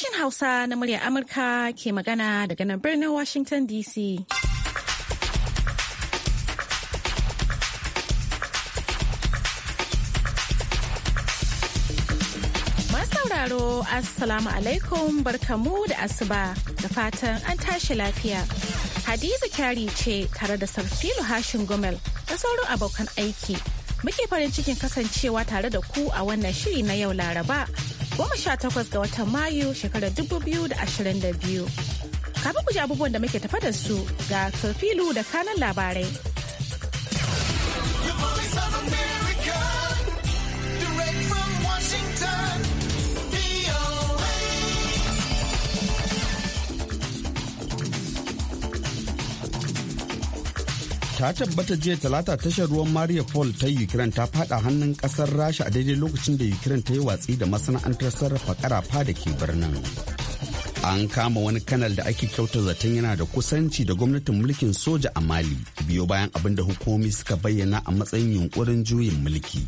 Sashen Hausa na muryar Amurka ke magana daga nan birnin Washington DC. masauraro Assalamu alaikum barkamu da asuba da fatan an tashi lafiya. Hadiza kyari ce tare da Sarfilu Hashin Gomel da sauran abokan aiki. Muke farin cikin kasancewa tare da ku a wannan shiri na yau Laraba goma sha takwas ga watan Mayu shekarar dubu biyu da ashirin da biyu. Kafin ku ji abubuwan da muke tafa da su ga Sofilu da kanan labarai. ta tabbata jiya talata tashar ruwan maria paul ta ukraine ta fada hannun kasar rasha a daidai lokacin da ukraine ta yi watsi da masana'antar sarrafa karafa da ke birnin an kama wani kanal da ake kyauta zaton yana da kusanci da gwamnatin mulkin soja a mali biyo bayan abin da hukumomi suka bayyana a matsayin yunkurin juyin mulki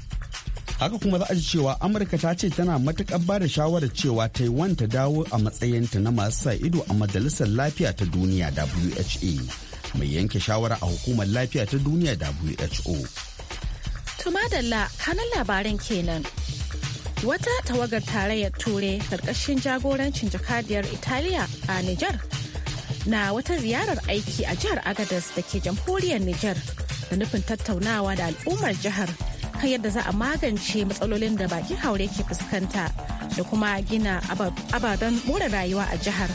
haka kuma za a ji cewa amurka ta ce tana matukar ba da shawarar cewa taiwan ta dawo a matsayinta na masu sa ido a majalisar lafiya ta duniya wha mai yanke shawara a hukumar lafiya ta duniya da WHO. Tumadalla kanan labaran kenan. Wata tawagar tarayyar Turai karkashin jagorancin jakadiyar Italiya a Nijar na wata ziyarar aiki a jihar Agadez da ke jamhuriyar Nijar da nufin tattaunawa da al'ummar jihar kan yadda za a magance matsalolin da bakin haure ke fuskanta da kuma gina ababen more rayuwa a jihar.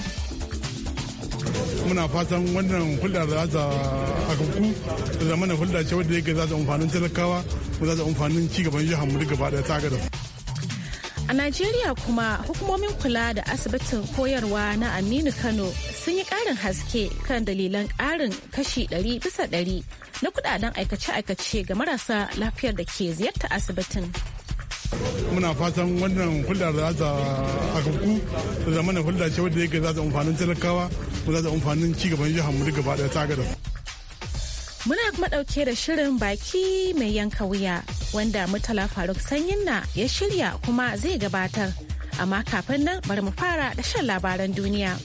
muna fatan wannan hulɗa da za a kanku da zamana hulɗa ce wadda yake za ta amfanin talakawa ko za ta amfanin cigaban jihar mu duka da ta gada. A Najeriya kuma hukumomin kula da asibitin koyarwa na Aminu Kano sun yi ƙarin haske kan dalilan ƙarin kashi ɗari bisa ɗari na kudaden aikace-aikace ga marasa lafiyar da ke ziyarta asibitin. muna fatan wannan hulɗar da za a kanku da zamanin hulɗa ce wadda yake za ta amfanin talakawa ko za ta amfanin cigaban jihar mu duka ɗaya ta gada. Muna kuma ɗauke da shirin baki mai yanka wuya wanda Murtala Faruk Sanyin na ya shirya kuma zai gabatar. Amma kafin nan bari mu fara da shan labaran duniya.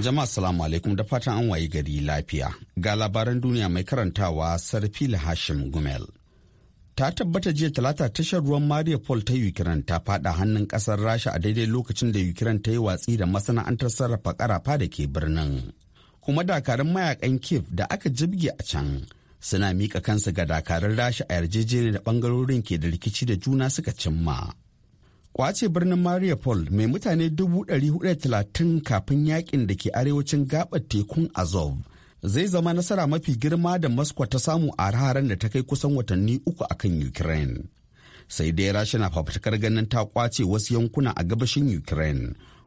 Jama'a salamu alaikum da fatan an wayi gari lafiya. Ga labaran duniya mai karantawa Sarfil Hashim Gumel. Ta tabbata jiya talata tashar ruwan Maria Paul ta Ukraine ta fada hannun kasar Rasha a daidai lokacin da Ukraine ta yi watsi da masana'antar sarrafa karafa da ke birnin. Kuma dakarun mayakan Kiev da aka jibge a can suna mika kansu ga dakarun Rasha a yarjejeniyar da ɓangarorin ke da rikici da juna suka cimma. kwace birnin mariupol mai mutane 430 kafin yakin da ke arewacin gabar tekun azov zai zama nasara mafi girma da moscow ta samu a hararen da ta kai kusan watanni uku a kan ukraine sai dai rasha na fafutukar ganin ta kwace wasu yankuna a gabashin ukraine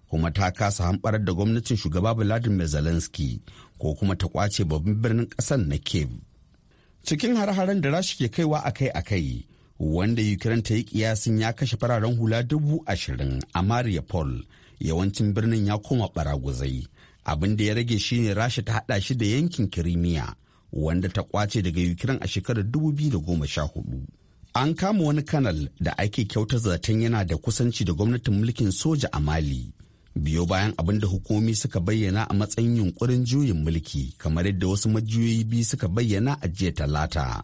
kuma ta kasa hamɓarar da gwamnatin shugaba vladimir zelensky ko kuma ta kwace babban birnin ƙasar na kiev cikin har-haren da rasha ke kaiwa akai-akai wanda Ukraine ta yi kiyasin ya kashe fararen hula dubu ashirin a Mariupol yawancin birnin ya koma baraguzai abin da ya rage shine rasha ta hada shi da yankin kirimiya wanda ta kwace daga Ukraine a shekarar dubu da goma sha 2014. An kama wani kanal da ake kyauta zaton yana da kusanci da gwamnatin mulkin soja a Mali. Biyo bayan abin da hukumomi suka bayyana a matsayin yunkurin juyin mulki kamar yadda wasu majiyoyi biyu suka bayyana a jiya talata.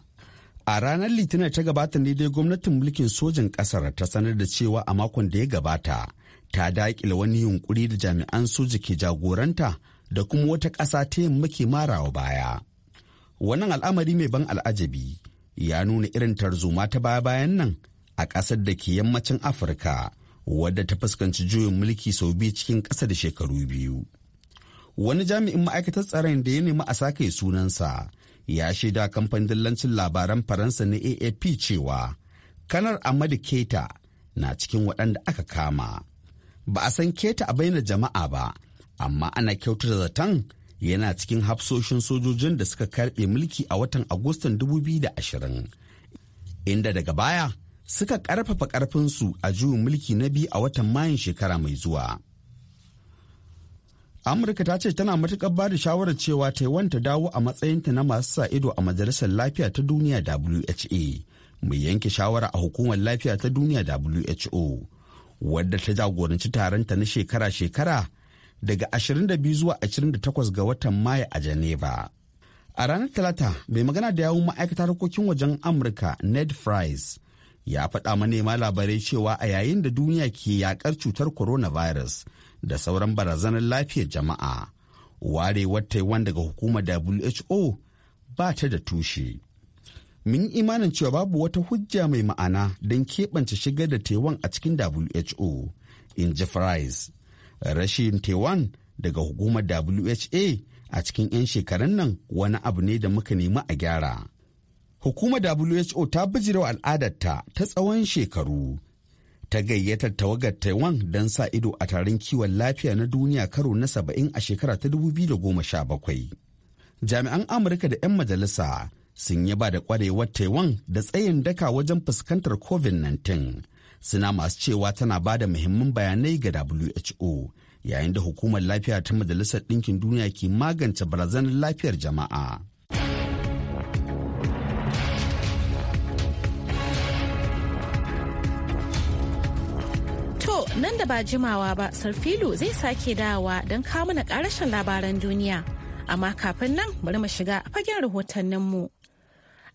A ranar Litinin ta gabata ne dai gwamnatin mulkin sojin ƙasar ta sanar da cewa a makon da ya gabata ta daƙile wani yunkuri da jami'an soja ke jagoranta da kuma wata ƙasa ta yamma ke marawa baya. Wannan al'amari mai ban al'ajabi ya nuna irin tarzoma ta baya-bayan nan a ƙasar da ke yammacin Afirka wadda ta fuskanci juyin mulki sau biyu cikin ƙasa da shekaru biyu. Wani jami'in ma'aikatar tsaron da ya nemi a sake sunansa ya shaida kamfanin dillancin labaran faransa na aap cewa kanar amadu keta na cikin waɗanda aka kama ba a san keta a bayyana jama'a ba amma ana kyautar zaton yana cikin hafsoshin sojojin da suka karɓe mulki a watan agustan 2020 inda daga baya suka ƙarfafa ƙarfinsu a juyin mulki na biyu a watan mayun shekara mai zuwa. amurka ta ce tana matukar ba da shawarar cewa taiwan ta dawo a matsayinta na masu sa ido a majalisar lafiya ta duniya wha mai yanke shawara a hukumar lafiya ta duniya who wadda ta jagoranci taronta na shekara-shekara daga 22 zuwa 28 ga watan maya a geneva a ranar talata mai magana da yawun ma'aikatar harkokin wajen amurka ned fries ya faɗa manema labarai cewa a yayin da duniya ke yakar cutar coronavirus da sauran barazanar lafiyar jama'a warewar taiwan daga hukumar who ba ta da tushe mun imanin cewa babu wata hujja mai ma'ana don keɓance shigar da taiwan a cikin who in ji fries rashin taiwan daga hukumar wha a cikin 'yan shekarun nan wani abu ne da muka nemi a gyara hukumar who ta bijirewa al'adarta ta tsawon shekaru ta gayyatar tawagar Taiwan don sa ido a taron kiwon lafiya na duniya karo na saba'in a shekara ta 2017. Jami'an Amurka da 'yan majalisa sun yi ba da kwarewar Taiwan da tsayin daka wajen fuskantar COVID-19. Suna masu cewa tana ba da muhimmin bayanai ga WHO yayin da hukumar lafiya ta Majalisar Ɗinkin Duniya ke magance barazanar lafiyar jama'a. nan da ba jimawa ba sarfilu zai sake dawowa don kawo mana karashen labaran duniya amma kafin nan bari mu shiga fagen rahotanninmu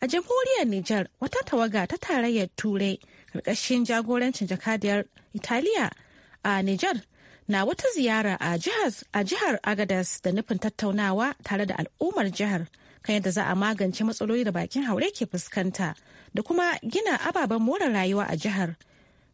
a jamhuriyar niger wata tawaga ta tarayyar turai karkashin jagorancin jakadiyar italiya a niger na wata ziyara a jihar agadas da nufin tattaunawa tare da al'ummar jihar kan yadda za a magance matsaloli da bakin haure ke fuskanta da kuma gina ababen more rayuwa a jihar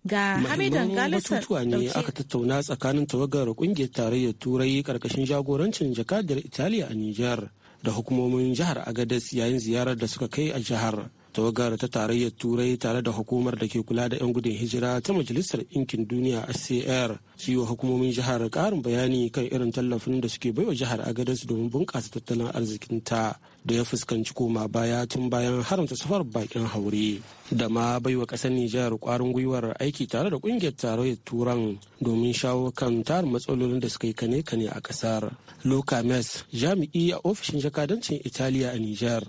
ga hamidan galisar batutuwa ne aka tattauna tsakanin tawagar kungiyar tarayyar turai karkashin jagorancin jakadar italiya a nijar da hukumomin jihar agadas yayin ziyarar da suka kai a jihar tawagar ta tarayyar turai tare da hukumar da ke kula da 'yan gudun hijira ta majalisar ɗinkin duniya SCR su yi wa hukumomin jihar ƙarin bayani kan irin tallafin da suke baiwa jihar agadas domin bunƙasa tattalin arzikinta da ya fuskanci koma baya tun bayan haramta safar bakin haure da ma baiwa ƙasar nijar ƙwarin gwiwar aiki tare da ƙungiyar tarayyar turan domin shawo kan tarin matsalolin da suka yi kane-kane a ƙasar luka mes jami'i a ofishin jakadancin italiya a nijar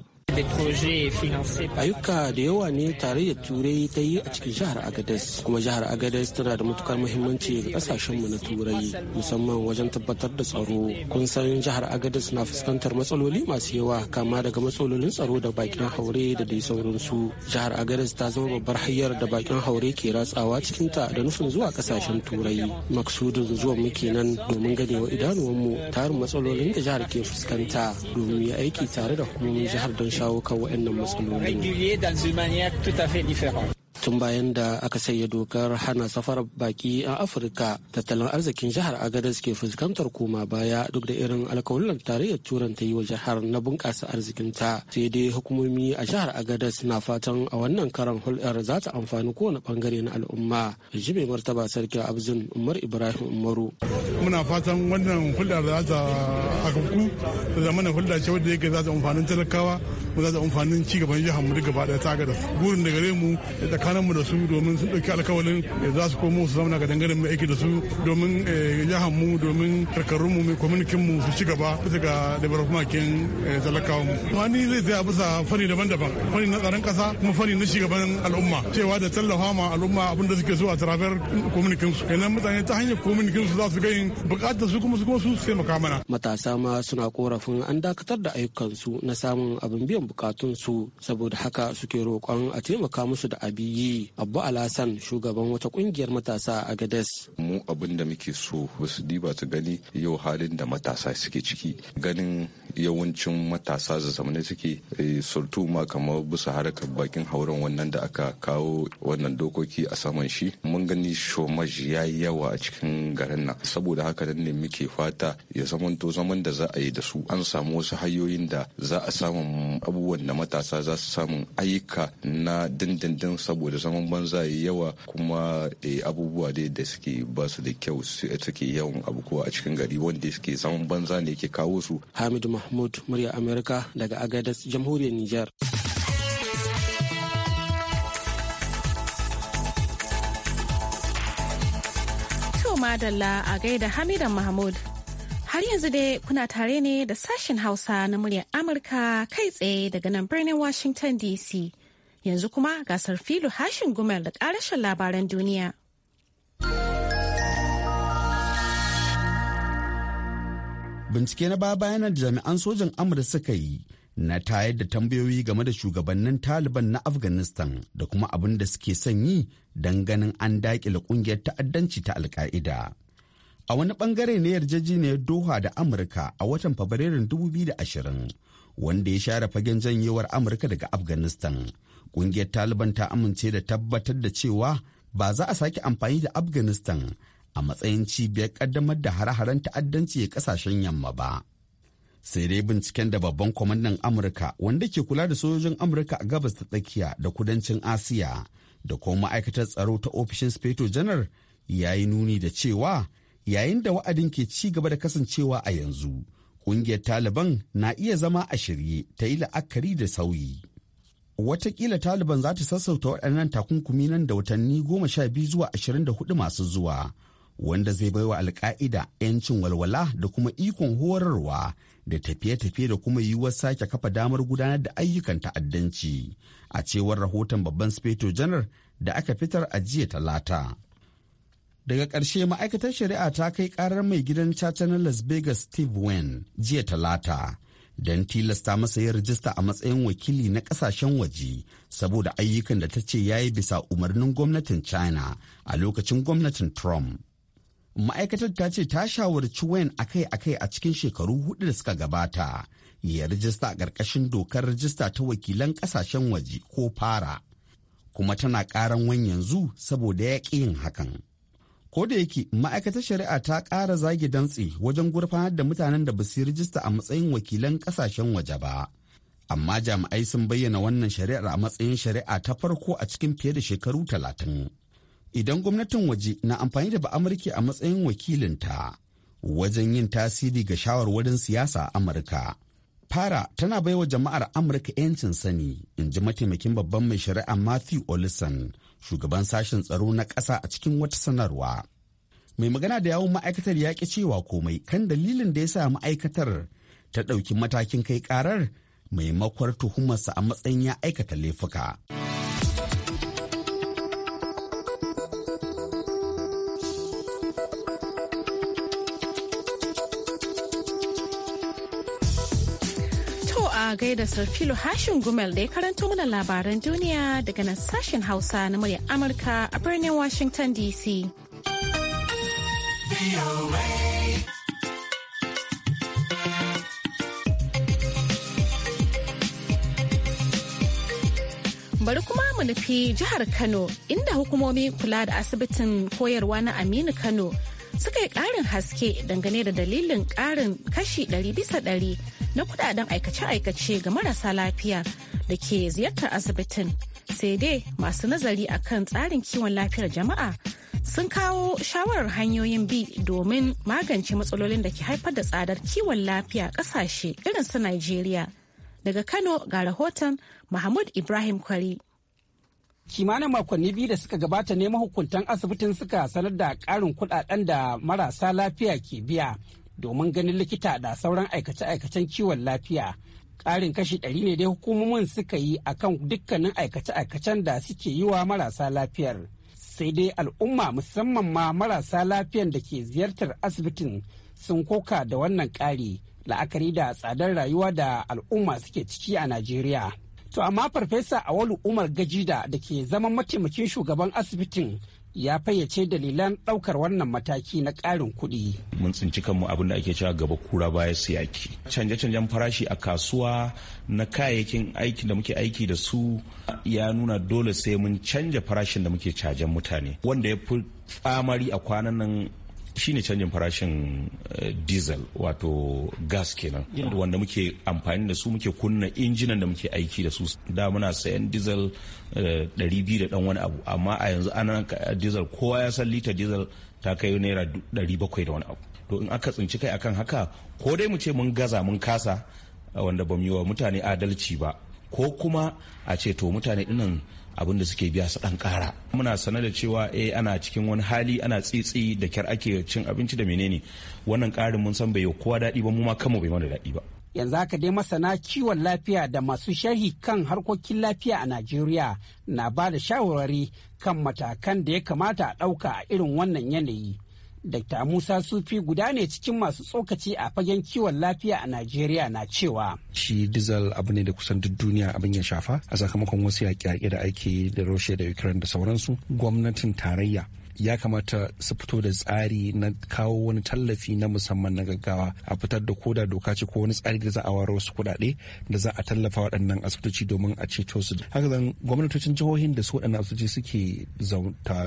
ayyuka da yawa ne tarayyar turai ta yi a cikin jihar agadez kuma jihar agadez tana da matukar muhimmanci ga kasashenmu na turai musamman wajen tabbatar da tsaro kun san jihar agadez na fuskantar matsaloli masu yawa kama daga matsalolin tsaro da bakin haure da dai sauransu jihar agadez ta zama babbar hanyar da bakin haure ke ratsawa cikin ta da nufin zuwa kasashen turai maksudin zuwa muke nan domin ganewa idanuwanmu tarin matsalolin da jihar ke fuskanta domin yi aiki tare da hukumomin jihar don sha Régulier dans une manière tout à fait différente. tun bayan da aka sanya dokar hana safarar baki a afirka tattalin arzikin jihar agadas ke fuskantar koma baya duk da irin alkawalin tarayyar turan ta yi wa jihar na bunƙasa arzikinta sai dai hukumomi a jihar agadas na fatan a wannan karan hulɗar za ta amfani kowane bangare na al'umma jibe martaba sarki abzin umar ibrahim umaru muna fatan wannan hulɗar za ta akabku da zamana hulɗa ce wadda yake za ta amfanin talakawa mu za ta amfanin cigaban jihar mu duk gaba ɗaya ta agadez burin da gare mu da tsakaninmu da su domin sun ɗauki alkawalin za su komo su zauna ga dangane mai aiki da su domin eh, mu domin karkarunmu mai mu su ci gaba bisa ga kin eh, talakawan mu. Kuma ni zai tsaya bisa fani daban-daban fani na tsaron ƙasa kuma fani na shugaban al'umma cewa da tallafa ma al'umma abin da suke so a tarafiyar tarabar su. Kenan mutane ta hanyar su za su gani buƙatar su kuma su kuma su taimaka mana. Matasa ma suna korafin an dakatar da ayyukansu na samun abin biyan bukatunsu saboda haka suke roƙon a taimaka musu da abiyi yi abu alasan shugaban wata kungiyar matasa a gades mu abin da muke so wasu diba su gani yau halin da matasa suke ciki ganin yawancin matasa zazzamane suke eh, surtu ma kamar bisa harkar bakin hauren wannan da aka kawo wannan dokoki a saman shi mun gani shomaj ya yi yawa a cikin garin nan saboda haka nan ne muke fata ya zamanto zaman da za a yi da su an samu wasu hanyoyin da za a samu abubuwan da matasa za su samu ayyuka na dindindin saboda saboda zaman banza ya yawa kuma eh, abubuwa dai da suke ba su da kyau suke yawan abu kowa a cikin gari wanda suke zaman banza ne ke kawo su. Hamidu Mahmud murya Amerika daga Agadas jamhuriyar Nijar. Madalla a gaida Hamidan Mahmud. Har yanzu dai kuna tare ne da sashen Hausa na muryar Amurka kai tsaye daga nan birnin Washington DC. Yanzu kuma gasar filu hashin gumel da karashin labaran duniya. Bincike na baya da jami'an sojan Amurka suka yi na tayar da tambayoyi game da shugabannin Taliban na Afghanistan da kuma abin da suke son yi don ganin an daƙile ƙungiyar ta'addanci ta Alka'ida. A wani bangare ne yarjejeniyar Doha da Amurka a watan Fabrairun 2020 wanda ya share fagen janyewar Amurka daga Afghanistan Ƙungiyar Taliban ta amince da tabbatar da cewa ba za a sake amfani da Afghanistan a matsayin cibiyar ƙaddamar da hare-haren ta'addanci a kasashen yamma ba. Sai dai binciken da babban kwamandan Amurka wanda ke kula da sojojin Amurka a gabas ta tsakiya da kudancin Asiya da kuma ma'aikatar tsaro ta ofishin Speto Janar ya yi nuni da cewa yayin da wa'adin ke ci gaba da kasancewa a yanzu. kungiyar Taliban na iya zama a shirye ta yi la'akari da sauyi. watakila taliban za ta sassauta waɗannan takunkumi nan da watanni goma sha biyu zuwa ashirin da hudu masu zuwa wanda zai baiwa alka'ida 'yancin walwala da kuma ikon horarwa da tafiye-tafiye da kuma yiwuwar sake kafa damar gudanar da ayyukan ta'addanci a cewar rahoton babban speto janar da aka fitar a jiya talata daga ƙarshe ma'aikatar shari'a ta kai karar mai gidan caca na las vegas steve wayne jiya talata don tilasta masa ya rajista a matsayin wakili na kasashen waje saboda ayyukan da ta ce ya yi bisa umarnin gwamnatin china a lokacin gwamnatin trump ma'aikatar ta ce ta shawarci wayan akai-akai a cikin shekaru hudu da suka gabata ya rajista a ƙarƙashin dokar rajista ta wakilan ƙasashen waje ko fara kuma tana ƙaran wani yanzu saboda ya ƙi yin hakan Ko da yake ma'aikatar shari'a ta ƙara zage dantse wajen gurfanar da mutanen da ba su rijista a matsayin wakilan ƙasashen waje ba. Amma jami'ai sun bayyana wannan shari'ar a matsayin shari'a ta farko a cikin fiye da shekaru talatin. Idan gwamnatin waje na amfani da ba'amurki a matsayin wakilinta wajen yin tasiri ga shawarwarin siyasa Amurka. Fara tana baiwa jama'ar Amurka 'yancin sani, in ji mataimakin babban mai shari'a Matthew Olison shugaban sashen tsaro na ƙasa a cikin wata sanarwa. Mai magana da yawon ma'aikatar ya ƙi cewa komai kan dalilin da ya sa ma'aikatar ta ɗauki matakin kai ƙarar maimakon tuhumarsa a matsayin ya aikata laifuka. a gaida Sarfilo Hashin Gumel da ya karanto mana labaran duniya daga nan sashen Hausa na muryar Amurka a birnin Washington DC. bari kuma mu nufi jihar kano inda hukumomi kula da asibitin koyarwa na aminu kano suka yi ƙarin haske dangane da dalilin ƙarin kashi 100 bisa ɗari na kudaden aikace-aikace ga marasa lafiya da ke ziyartar asibitin sai dai masu nazari a kan tsarin kiwon lafiyar jama'a sun kawo shawarar hanyoyin bi domin magance matsalolin da ke haifar da tsadar kiwon lafiya kasashe irin su Najeriya. Daga Kano ga rahoton Mahmud Ibrahim Kwari. Kimanin makonni biyu da suka gabata ne mahukuntan asibitin suka sanar da ƙarin kuɗaɗen da marasa lafiya ke biya domin ganin likita da sauran aikace-aikacen kiwon lafiya ƙarin kashi ɗari ne dai hukumomin suka yi a kan dukkanin aikace-aikacen da suke yi wa marasa lafiyar sai dai al'umma musamman ma marasa lafiyan da ke ziyartar asibitin sun koka da wannan ƙari la'akari da tsadar rayuwa da al'umma suke ciki a najeriya to amma farfesa awalu umar gajida da ke zama mataimakin shugaban asibitin ya fayyace dalilan ɗaukar wannan mataki na ƙarin kuɗi. Mun tsinci kanmu abin da ake cewa gaba kura baya siyaki. Canje-canjen farashi a kasuwa na kayayyakin aiki da muke aiki da su ya nuna dole sai mun canja farashin da muke cajen mutane. Wanda ya fi tsamari a kwanan nan shine canjin farashin eh, diesel wato gas kenan wanda muke amfani da su muke kunna injinan da muke aiki da su da muna sayan diesel eh, biyu da dan wani abu amma a yanzu ana eh, diesel kowa ya san lita diesel ta kai naira bakwai da wani abu to in aka tsinci kai akan haka ko dai mu ce mun gaza mun kasa wanda ba mu yi wa mutane adalci ba ko kuma a ce to mutane dinnan abin da suke biya su dan kara muna sanar da cewa eh ana cikin wani hali ana tsitsi da kyar ake cin abinci da menene wannan karin mun san bai kowa daɗi ba mu ma kanmu bai mana daɗi ba yanzu haka dai masana kiwon lafiya da masu sharhi kan harkokin lafiya a Najeriya na ba da shawarwari kan matakan da ya kamata a ɗauka a irin wannan yanayi Dr. Musa Sufi guda ne cikin masu tsokaci a fagen kiwon lafiya a Najeriya na cewa. Shi dizal abu ne da kusan duk duniya abin ya shafa a sakamakon wasu yaƙe-yaƙe da ake da Russia da Ukraine da sauransu gwamnatin tarayya ya kamata su fito da tsari na kawo wani tallafi na musamman na gaggawa a fitar da koda doka ce ko wani tsari da za a ware wasu kuɗaɗe da za a tallafa waɗannan asibitoci domin a ceto su haka zan gwamnatocin jihohin da su waɗannan asibitoci suke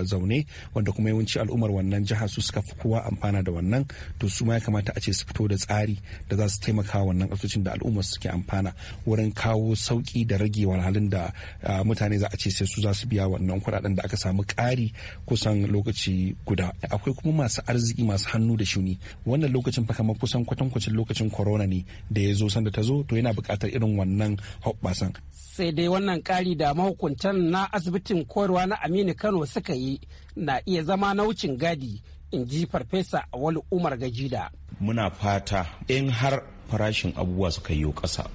zaune wanda kuma yawanci al'ummar wannan jiha su suka fi kowa amfana da wannan to su ma ya kamata a ce su fito da tsari da za su taimaka wannan asibitocin da al'ummar suke amfana wurin kawo sauki da rage wahalhalun da ah, mutane za a ce sai su za su biya wannan kuɗaɗen da aka samu ƙari kusan lokaci guda akwai kuma masu arziki masu hannu da shuni wannan lokacin fa kamar kusan kwatankwacin lokacin corona ne da ya zo sanda ta zo to yana buƙatar irin wannan hoɓɓasan sai dai wannan ƙari da mahukuntan na asibitin koyarwa na aminu kano suka yi na iya zama na wucin gadi in ji farfesa wani umar gajida muna fata in har farashin abubuwa suka yi ƙasa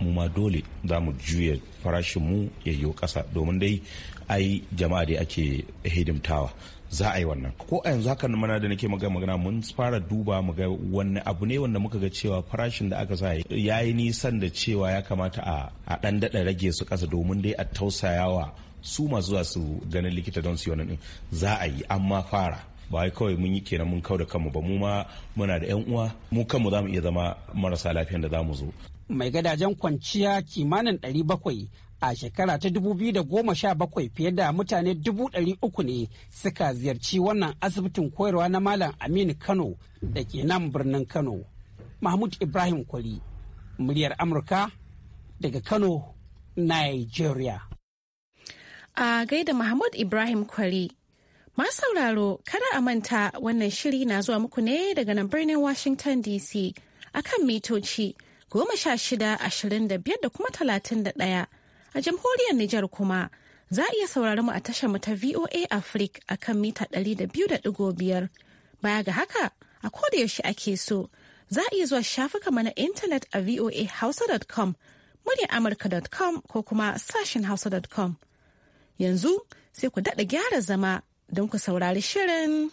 mu ma dole za mu juya farashin mu ya yi ƙasa domin dai ai jama'a dai ake hidimtawa za a yi wannan ko a yanzu haka mana da nake magana magana mun fara duba mu ga wani abu ne wanda muka ga cewa farashin da aka sa ya yi nisan da cewa ya kamata a dan daɗa rage su kasa domin dai a tausayawa su masu zuwa su ganin likita don su yi wannan za a yi amma fara ba wai kawai mun yi kenan mun kau da kanmu ba mu ma muna da yan uwa mu kanmu za mu iya zama marasa lafiyan da za mu zo mai gadajen kwanciya kimanin 700 a shekara ta 2017 fiye da mutane uku ne suka ziyarci wannan asibitin koyarwa na malam aminu kano da ke nan birnin kano mahmud ibrahim kwari muryar amurka daga kano nigeria a gaida mahmud ibrahim kwari masu sauraro kada a manta wannan shiri na zuwa muku ne daga nan birnin washington dc akan mitoci goma sha shida ashirin da biyar da kuma talatin da ɗaya A jamhuriyar Nijar kuma za a iya saurari mu a tashar mu ta VOA Africa a kan mita 200.5. Baya ga haka, a koda yaushe ake so, za a iya zuwa shafuka mana intanet a voahausa.com, murya amurka.com ko kuma sashen hausa.com. Yanzu sai ku daɗa gyara zama don ku saurari shirin.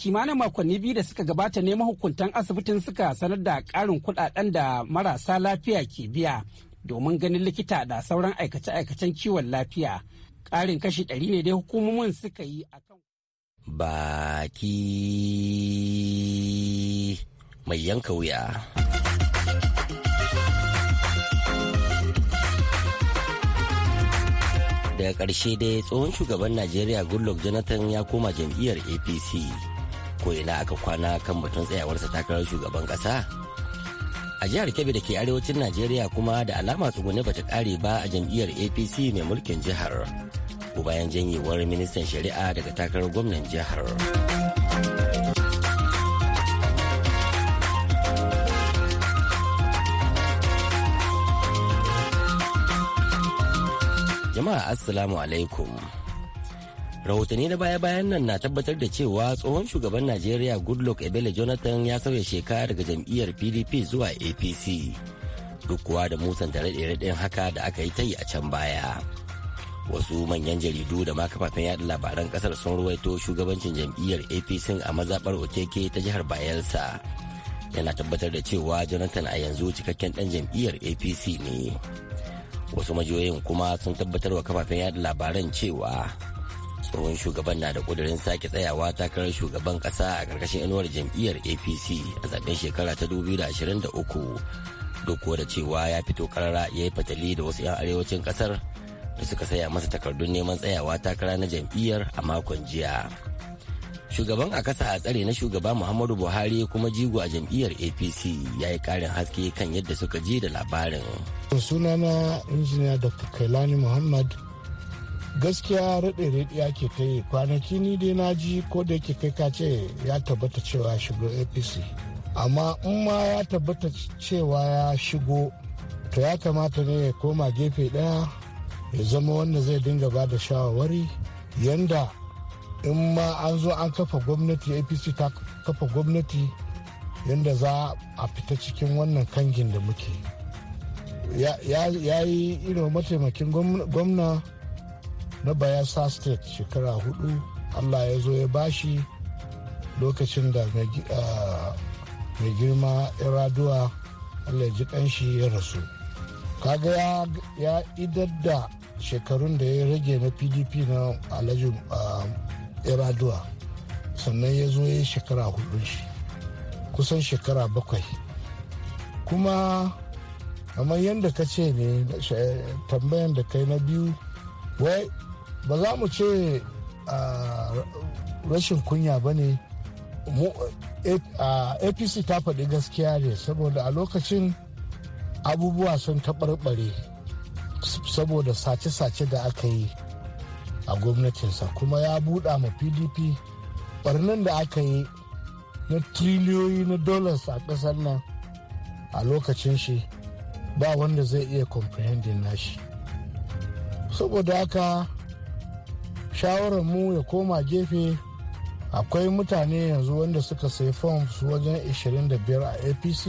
kimanin makonni biyu da suka gabata ne mahukuntan asibitin suka sanar da ƙarin kuɗaɗen da marasa lafiya ke biya domin ganin likita da sauran aikace-aikacen kiwon lafiya ƙarin kashi ɗari ne dai hukumomin suka yi a kan baki mai yanka wuya daga ƙarshe dai tsohon shugaban najeriya goodluck jonathan ya koma jam'iyyar apc ko ina aka kwana kan batun tsayawarsa takarar shugaban ƙasa a jihar kebbi da ke arewacin najeriya kuma da alama tsugune bata kare ba a jam'iyyar apc mai mulkin jihar ko bayan janyewar ministan shari'a daga takarar gwamnan jihar jama'a assalamu alaikum rahotanni na baya-bayan nan na tabbatar da cewa tsohon shugaban najeriya goodluck ebele jonathan ya sauya shekara daga jam'iyyar pdp zuwa apc duk kuwa da tare da raɗen haka da aka yi ta yi a can baya wasu manyan jaridu da ma kafafen yada labaran kasar sun ruwaito shugabancin jam'iyyar apc a mazaɓar okeke ta jihar bayelsa yana tabbatar da cewa jonathan a yanzu cikakken ɗan jam'iyyar apc ne wasu majiyoyin kuma sun tabbatar wa kafafen yada labaran cewa tsohon shugaban na da kudirin sake tsayawa takarar shugaban kasa a karkashin inuwar jam'iyyar apc a zaben shekara ta 2023 duk da cewa ya fito karara ya yi fatali da wasu 'yan arewacin kasar da suka saya masa takardun neman tsayawa takara na jam'iyyar a makon jiya shugaban a kasa a tsare na shugaba muhammadu buhari kuma jigo a jam'iyyar apc ya yi karin haske kan yadda suka ji da labarin sunana injiniya da kailani muhammad gaskiya raɗe raɗe ake ke kai kwanaki ni dai na ji ko da yake kai ka ce ya tabbata cewa shigo apc amma in ma ya tabbata cewa ya shigo to ya kamata ne ya koma gefe ɗaya ya zama wanda zai dinga ba da shawarwari yanda in ma an zo an kafa gwamnati apc ta kafa gwamnati yanda za a fita cikin wannan kangin da muke ya yi irin mataimakin gwamna na bayelsa state shekara hudu allah ya zo ya bashi lokacin da mai ah, girma iraduwa allah ya ji kanshi ya rasu kaga ya idar da shekarun da ya rage na pdp na alhaji ah, iraduwa sannan ya zo ya yi shekara hudu shi kusan shekara bakwai kuma kamar yadda ka ce ne eh, tambayan da kai na biyu wai ba za mu ce rashin kunya ba ne apc ta faɗi gaskiya ne saboda a lokacin abubuwa sun taɓarɓare saboda sace-sace da aka yi a gwamnatinsa kuma ya buɗa ma pdp ɓarnin da aka yi na triliyoyi na dollars a ƙasar nan a lokacin shi ba wanda zai iya comprehending nashi saboda haka shawarar mu ya koma gefe akwai mutane yanzu wanda suka sayi forms wajen 25 a apc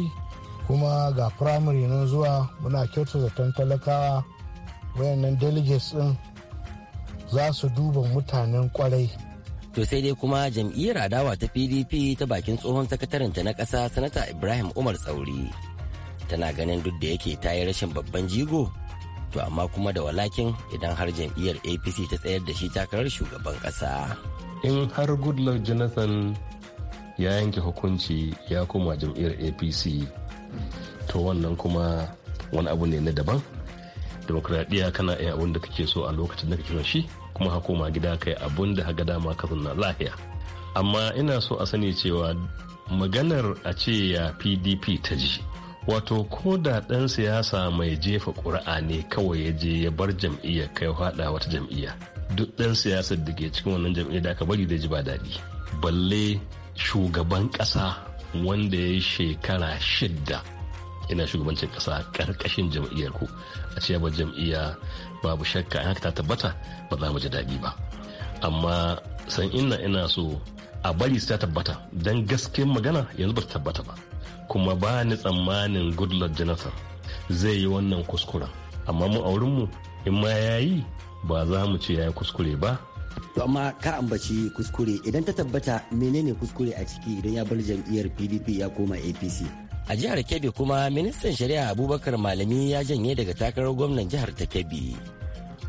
kuma ga primary nan zuwa muna kyauta zaton talakawa wayannan delegates din za su duba mutanen kwarai to sai dai kuma jam'iyyar adawa ta pdp ta bakin tsohon sakatarinta na kasa sanata ibrahim umar tsauri tana ganin duk da yake ta yi rashin babban jigo to amma kuma da walakin idan har jam'iyyar apc ta tsayar da shi takarar shugaban ƙasa. in har goodluck jonathan ya yanke hukunci ya koma jam'iyyar apc to wannan kuma wani abu ne na daban demokradiyya kana iya abin kake so a lokacin da kake shi kuma ka koma gida kai abin da haga dama ka zanna lahiya amma ina so a sani cewa maganar a ce ya pdp ta ji wato ko da ɗan siyasa mai jefa ƙuri'a ne kawai ya je ya bar jam'iyyar kai haɗa wata jam'iyya duk ɗan siyasar da ke cikin wannan jam'iyya da aka bari da ji ba daɗi balle shugaban ƙasa wanda ya yi shekara shidda ina shugabancin ƙasa ƙarƙashin jam'iyyar ku a ce ba jam'iyya babu shakka an haka ta tabbata ba za mu ji daɗi ba amma san ina ina so a bari su ta tabbata don gaskiyar magana yanzu ba ta tabbata ba kuma ba ni tsammanin goodluck jonathan zai yi wannan kuskuren amma mu a wurinmu in ma ya yi ba za mu ce ya yi kuskure ba to amma ka ambaci kuskure idan ta tabbata menene kuskure a ciki idan ya bar jam'iyyar pdp ya koma apc a jihar kebbi kuma ministan shari'a abubakar malami ya janye daga takarar gwamnan jihar ta kebbi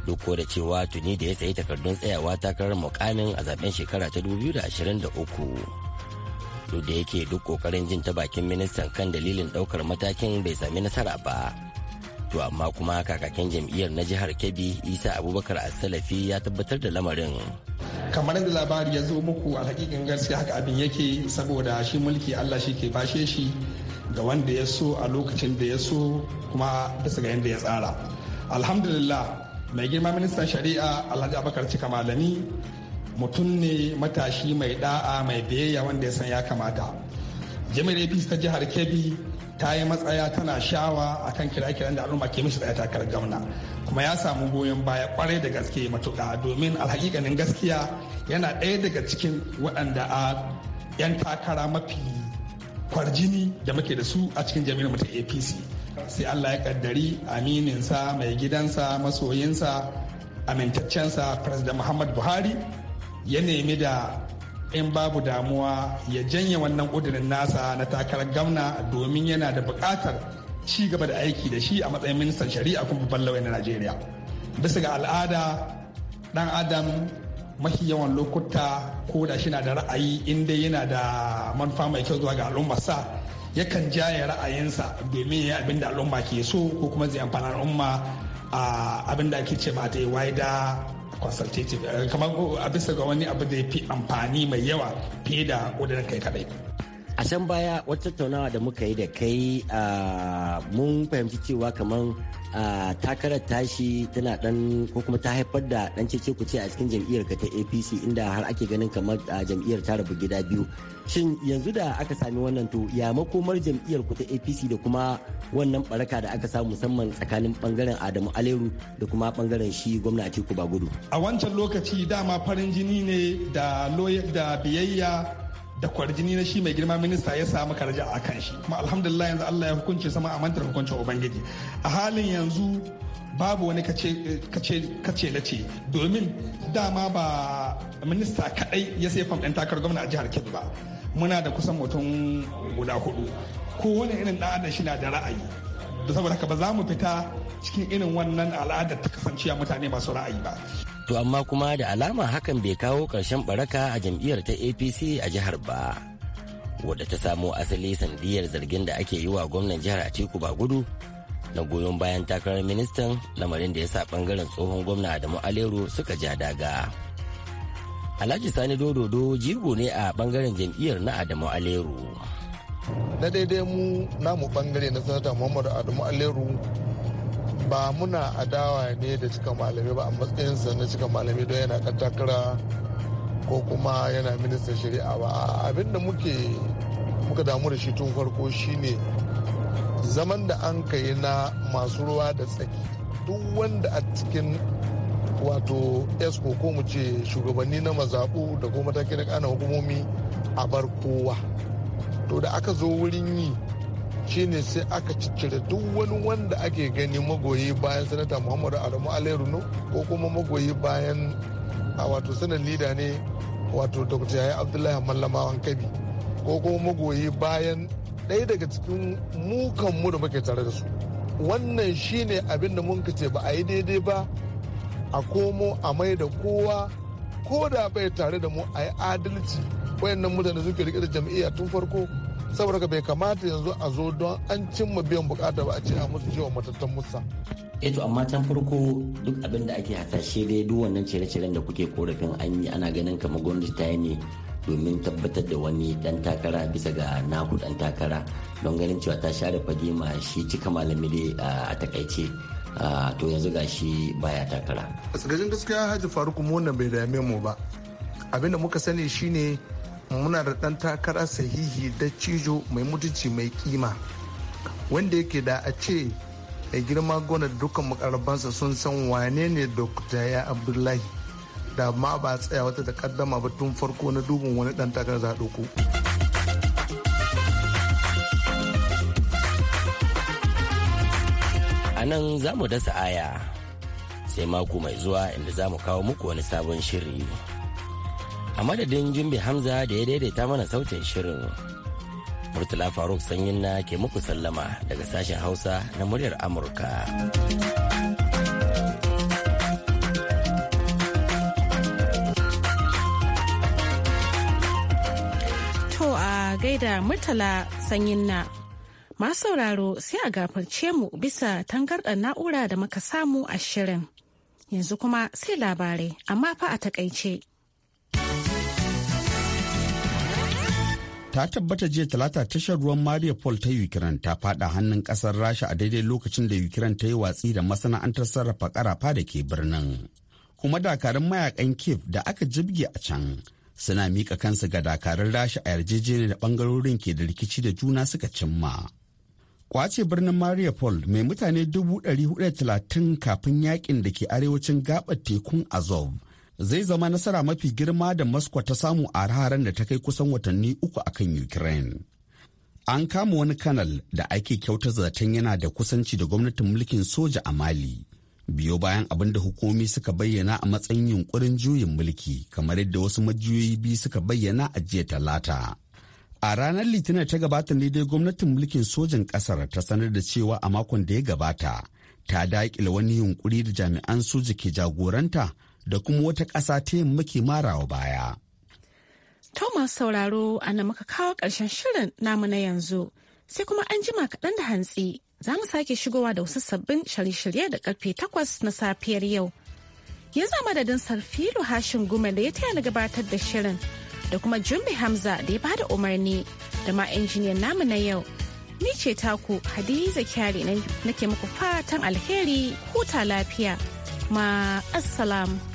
duk da cewa tuni da ya sayi takardun tsayawa takarar mukamin a zaben shekara ta 2023 duk da yake duk kokarin jin ta bakin ministan kan dalilin daukar matakin bai sami nasara ba to amma kuma kakakin jam'iyyar na jihar kebbi isa abubakar salafi ya tabbatar da lamarin kamar da labari ya zo muku a hakikin gaskiya haka abin yake saboda shi mulki allah shi ke bashe shi ga wanda ya so a lokacin da ya so kuma bisa ga yadda ya tsara alhamdulillah mai girma ministan shari'a alhaji abakar cika malami mutum ne matashi mai da'a mai biyayya wanda ya san ya kamata jami'ar apc ta jihar kebbi ta yi matsaya tana shawa akan kira-kiran da al'umma ke mishi tsaye takarar gwamna kuma ya samu goyon baya kwarai da gaske matuka domin alhakikanin gaskiya yana ɗaya daga cikin waɗanda a 'yan takara mafi kwarjini da muke da su a cikin jami'ar mutum apc sai Allah ya kaddari amininsa mai gidansa masoyinsa amintaccensa president Muhammad Buhari ya nemi da in babu damuwa ya janye wannan ƙudurin nasa na takarar gamna domin yana da bukatar ci gaba da aiki da shi a matsayin ministan shari'a kuma babban lauyan na Najeriya. Bisa ga al'ada dan adam mafi yawan lokuta ko da shi na da ra'ayi in dai yana da manufa mai kyau zuwa ga al'ummar sa yakan jaya ra'ayinsa domin ya abin da al'umma ke so ko kuma zai amfana al'umma a abin da ake ce ma ta waida consultative eh, kamar a bisa ga wani abu da ya fi amfani mai yawa fiye da wadannan kai kadai. a can baya wata tattaunawa da muka yi da kai mun fahimci cewa kamar takarar tashi tana dan ko kuma ta haifar da dan cece kuce a cikin jam'iyyar ka ta apc inda har ake ganin kamar jam'iyyar ta rabu gida biyu shin yanzu da aka sami wannan to ya makomar jam'iyyar ku ta apc da kuma wannan baraka da aka samu musamman tsakanin bangaren adamu aleru da kuma bangaren shi gwamna atiku bagudu a wancan lokaci dama farin jini ne da biyayya da kwarjini na shi mai girma minista ya samu karja a kan shi kuma alhamdulillah yanzu Allah ya hukunce sama a mantar hukuncin ubangiji a halin yanzu babu wani kace na ce domin dama ba minista kadai ya sai fam ɗin takar gwamna a jihar Kebbi ba muna da kusan mutum guda hudu wani irin da adam shi na da ra'ayi da saboda haka ba za mu fita cikin irin wannan al'adar ta kasancewa mutane masu ra'ayi ba to amma kuma da alama hakan bai kawo ƙarshen baraka a jam'iyyar ta apc a jihar ba wadda ta samo asali sandiyar zargin da ake yi wa gwamnan jihar atiku gudu na goyon bayan takarar ministan lamarin da ya sa bangaren tsohon gwamna adamu alero suka ja daga alhaji sani dododo jigo ne a bangaren jam'iyyar na adamu alero na daidai mu namu bangare na sanata muhammadu adamu aleru ba muna adawa ne da cika malami ba a matsayinsa na cika malami don yana kan takara ko kuma yana ministan shari'a ba abin da muke muka damu da shi tun farko shine zaman da an kai na masu ruwa da tsaki duk wanda a cikin wato esco ko mu ce shugabanni na mazaɓu da kuma mataki na hukumomi a bar kowa to da aka zo wurin yi shine sai aka ciccire duk wani wanda ake gani magoyi bayan sanata muhammadu adamu alairuno ko kuma magoyi bayan a wato sanin lida ne wato dr yayi abdullahi mallamawan kabi ko kuma magoyi bayan ɗaya daga cikin mu da muke tare da su wannan shine abin da mun ce ba a yi daidai ba a komo a mai da kowa ko da bai tare da mu a yi adalci wayannan mutane suke rike da jam'iyya tun farko saboda ka bai kamata yanzu a zo don an cimma biyan bukata ba a ce a musu cewa matattan musa eto eh amma can farko duk abin da ake hasashe dai duk wannan cire-ciren da kuke korafin an yi ana ganin kamar gwamnati ta yi ne domin tabbatar da wani dan takara bisa ga naku dan takara don ganin cewa ta share fage ma shi cika malami a takaice to yanzu ga shi baya takara. a gaskiya hajji faruk mu wannan bai dame mu ba abinda muka sani shine muna da ɗan takara sahihi da cijo mai mutunci mai kima wanda yake da a ce a girma gona da dukkan makarabansa sun san wane ne dokta ya abdullahi da ma ba tsaya wata da kaddama ba tun farko na dubin wani ɗan takarar za a nan za mu dasa aya sai mako mai zuwa inda za mu kawo muku wani sabon shiri a madadin jumbe hamza da ya daidaita mana sautin shirin murtala faruk sanyin na ke muku sallama daga sashen hausa na muryar amurka to a gaida murtala sanyin na masu sauraro sai a gafarce mu bisa tangarɗar na'ura da muka samu a shirin yanzu kuma sai labarai amma fa a takaice ta tabbata jiya talata tashar ruwan paul ta ukraine ta fada hannun kasar rasha a daidai lokacin da ukraine ta yi watsi da masana'antar sarrafa karafa da ke birnin kuma dakarun mayakan kiev da aka jibge a can suna mika kansu ga dakarun rasha a yarjejeniya da bangarorin ke da rikici da juna suka cimma kwace birnin paul mai mutane 430 kafin yakin da ke arewacin gabar tekun azov zai zama nasara mafi girma da Moscow ta samu a hararen da ta kai kusan watanni uku a kan Ukraine. An kama wani kanal da ake kyauta zaton yana da kusanci da gwamnatin mulkin soja a Mali. Biyo bayan abin da hukumi suka bayyana a matsayin yunkurin juyin mulki kamar yadda wasu majiyoyi biyu suka bayyana a jiya talata. A ranar Litinin ta gabata ne dai gwamnatin mulkin sojan kasar ta sanar da cewa a makon da ya gabata ta daƙile wani yunkuri da jami'an soja ke jagoranta da kuma wata ƙasa ta yin ke marawa baya. Thomas sauraro ana muka kawo ƙarshen shirin namu na yanzu sai kuma an jima kaɗan da hantsi za mu sake shigowa da wasu sabbin shirye-shirye da karfe takwas na safiyar yau. ya da madadin Sarfilu Hashin Gumel da ya taya na gabatar da shirin da kuma Jumbe Hamza da ya bada umarni da ma injiniyan namu na yau. Ni ce taku Hadiza Kyari nake muku fatan alheri huta lafiya. Ma assalamu.